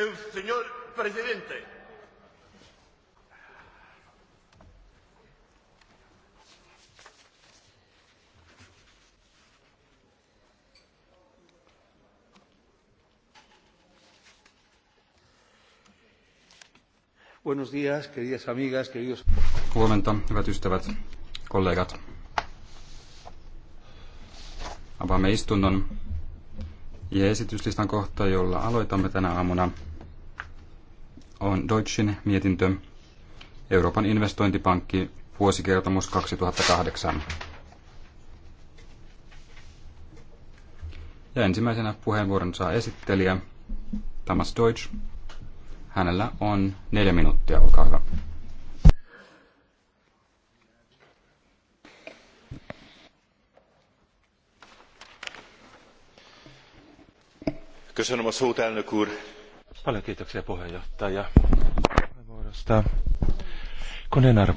el señor presidente. Buenos días, queridas amigas, queridos... Huomenta, hyvät ystävät, kollegat. Avaamme istunnon ja esityslistan kohta, jolla aloitamme tänä aamuna, on Deutschen mietintö Euroopan investointipankki vuosikertomus 2008. Ja ensimmäisenä puheenvuoron saa esittelijä Thomas Deutsch. Hänellä on neljä minuuttia, olkaa hyvä. Köszönöm a szót, elnök úr! Paljon kiitoksia puheenjohtaja puheenvuorosta. Koneen